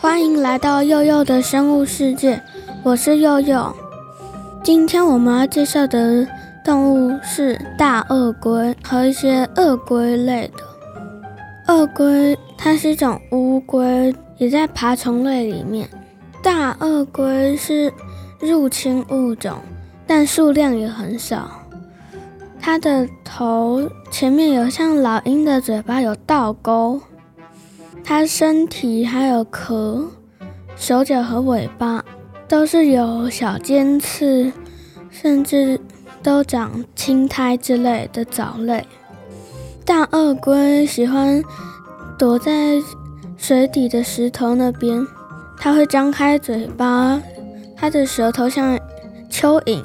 歡迎來到祐祐的生物世界，我是祐祐。今天我們要介紹的動物是大鱷龜和一些鱷龜類的。鱷龜它是一種烏龜，也在爬蟲類裡面。大鱷龜是入侵物種，但數量也很少。它的頭前面有像老鷹的嘴巴，有倒鈎；它身體還有殼、手腳和尾巴，都是有小尖刺，甚至都長青苔之類的藻類。大鱷龜喜歡躲在水底的石頭那邊。它會張開嘴巴，它的舌頭像蚯蚓，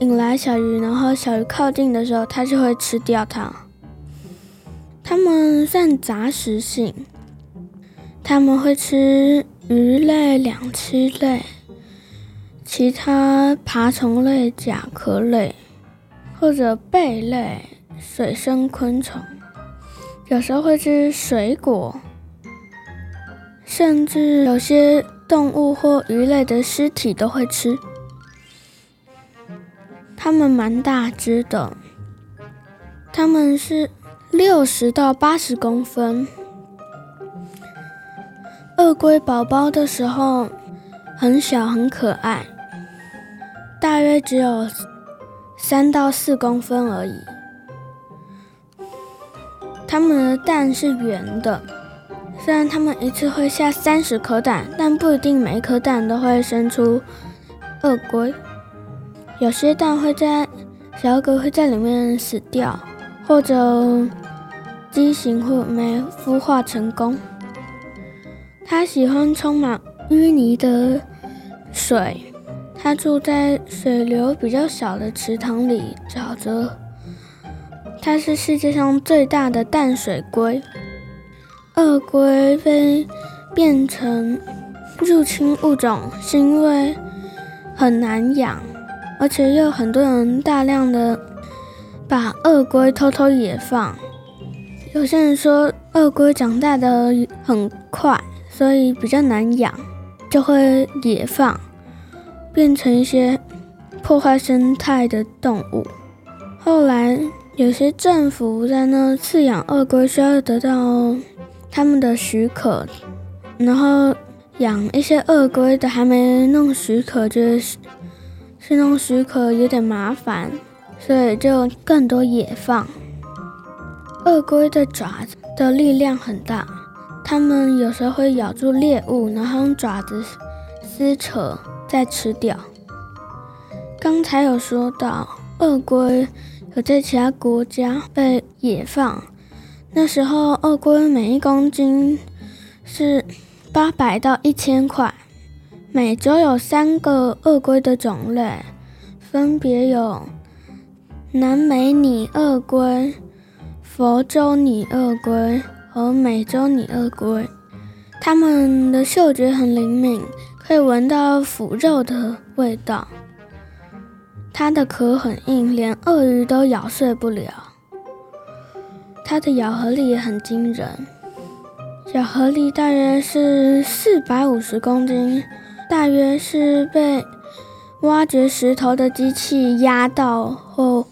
引來小魚，然後小魚靠近的時候，它就會吃掉它。它們算雜食性，它們會吃魚類、兩棲類、其他爬蟲類、甲殼類，或者貝類、水生昆蟲，有時候會吃水果。甚至有些動物或魚類的屍體都會吃，它們蠻大隻的，它們是六十到八十公分。鱷龜寶寶的時候很小很可愛，大約只有三到四公分而已。它們的蛋是圓的。雖然它們一次會下三十顆蛋，但不一定每一顆蛋都會生出鱷龜。有些蛋會在小鱷龜會在裡面死掉，或者畸形或沒孵化成功。它喜歡充滿淤泥的水，它住在水流比較小的池塘裡沼澤。它是世界上最大的淡水龜。鱷龜被變成入侵物種，是因為很難養，而且又很多人大量的把鱷龜偷偷野放。有些人說，鱷龜長大的很快，所以比較難養，就會野放，變成一些破壞生態的動物。後來，有些政府在那飼養鱷龜，需要得到。他們的許可，然後養一些鱷龜的還沒弄許可，就是，是弄許可有點麻煩，所以就更多野放。鱷龜的爪子的力量很大，它們有時候會咬住獵物，然後用爪子撕扯再吃掉。剛才有說到，鱷龜有在其他國家被野放。那時候，鱷龜每一公斤是八百到一千塊。美洲有三個鱷龜的種類，分別有南美擬鱷龜、佛州擬鱷龜和美洲擬鱷龜。它們的嗅覺很靈敏，可以聞到腐肉的味道。它的殼很硬，連鱷魚都咬碎不了。它的咬合力也很驚人，咬合力大約是四百五十公斤，大約是被挖掘石頭的機器壓到後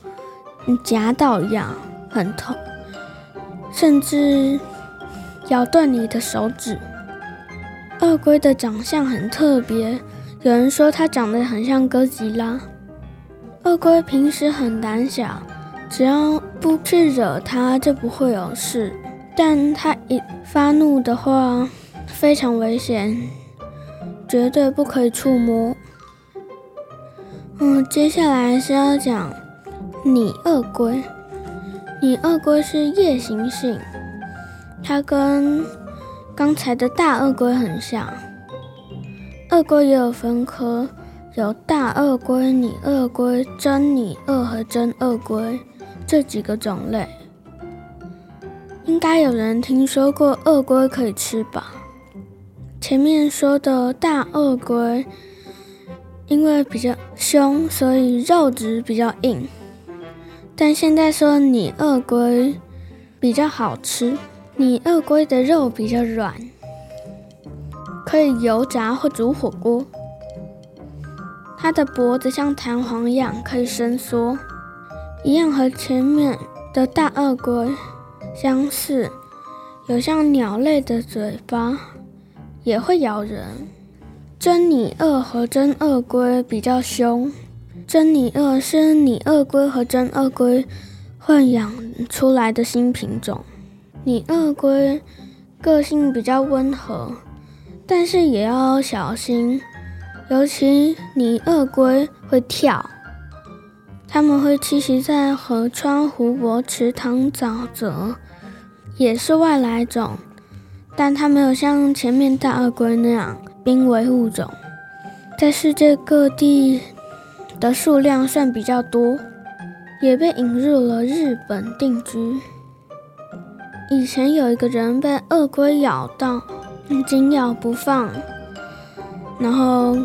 夾到一樣，很痛，甚至咬斷你的手指。鱷龜的長相很特別，有人說它長得很像哥吉拉。鱷龜平時很膽小。只要不去惹它，就不會有事。但它一發怒的話，非常危險，絕對不可以觸摸。嗯，接下來是要講擬鱷龜。擬鱷龜是夜行性，它跟剛才的大鱷龜很像。鱷龜也有分科，有大鱷龜、擬鱷龜、真擬鱷和真鱷龜。這幾個種類，應該有人聽說過鱷龜可以吃吧？前面說的大鱷龜，因為比較兇，所以肉質比較硬。但現在說擬鱷龜比較好吃，擬鱷龜的肉比較軟，可以油炸或煮火鍋。它的脖子像彈簧一樣，可以伸縮。一樣和前面的大鱷龜相似，有像鳥類的嘴巴，也會咬人。真擬鱷和真鱷龜比較兇，真擬鱷是擬鱷龜和真鱷龜混養出來的新品種。擬鱷龜個性比較溫和，但是也要小心，尤其擬鱷龜會跳。他們會棲息在河川、湖泊、池塘、沼澤，也是外來種，但它沒有像前面大鱷龜那樣瀕危物種，在世界各地的數量算比較多，也被引入了日本定居。以前有一個人被鱷龜咬到，緊咬不放，然後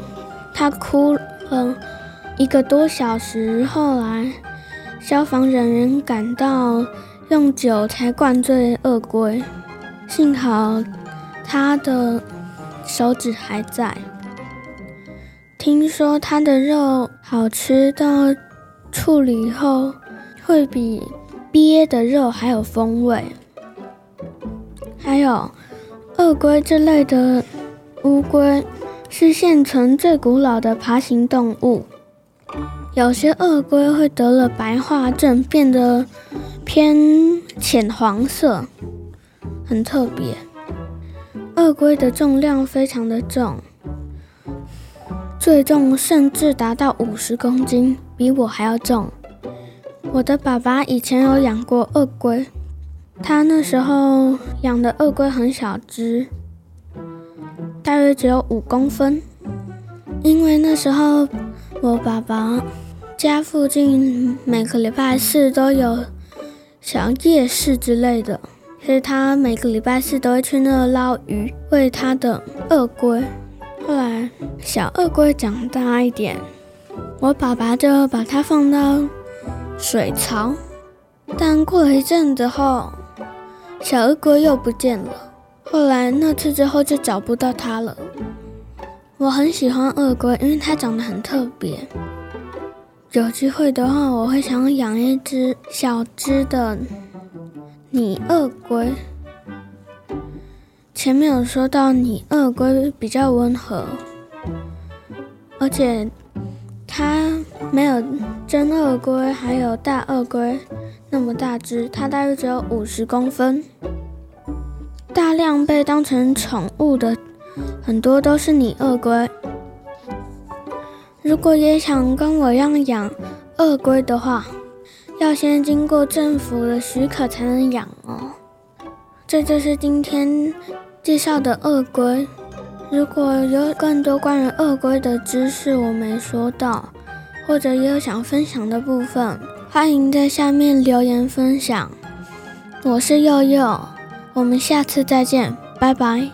他哭了，嗯。一個多小時後來，消防人員趕到，用酒才灌醉鱷龜。幸好它的手指還在。聽說它的肉好吃到處理後會比鱉的肉還有風味。還有，鱷龜這類的烏龜是現存最古老的爬行動物。有些鱷龜會得了白化症，變得偏淺黃色，很特別。鱷龜的重量非常的重，最重甚至達到五十公斤，比我還要重。我的爸爸以前有養過鱷龜，他那時候養的鱷龜很小隻，大約只有五公分，因為那時候我爸爸家附近每個禮拜四都有小夜市之類的，所以他每個禮拜四都會去那撈魚餵他的鱷龜。後來小鱷龜長大一點，我爸爸就把它放到水槽，但過了一陣子後，小鱷龜又不見了。後來那次之後就找不到它了。我很喜歡鱷龜，因為它長得很特別。有機會的話，我會想養一只小只的擬鱷龜。前面有說到，擬鱷龜比較溫和，而且它沒有真鱷龜還有大鱷龜那麼大只，它大約只有五十公分。大量被當成寵物的很多都是擬鱷龜。如果也想跟我一樣養鱷龜的話，要先經過政府的許可才能養哦。這就是今天介紹的鱷龜。如果有更多關於鱷龜的知識我沒說到，或者也有想分享的部分，歡迎在下面留言分享。我是祐祐，我們下次再見，拜拜。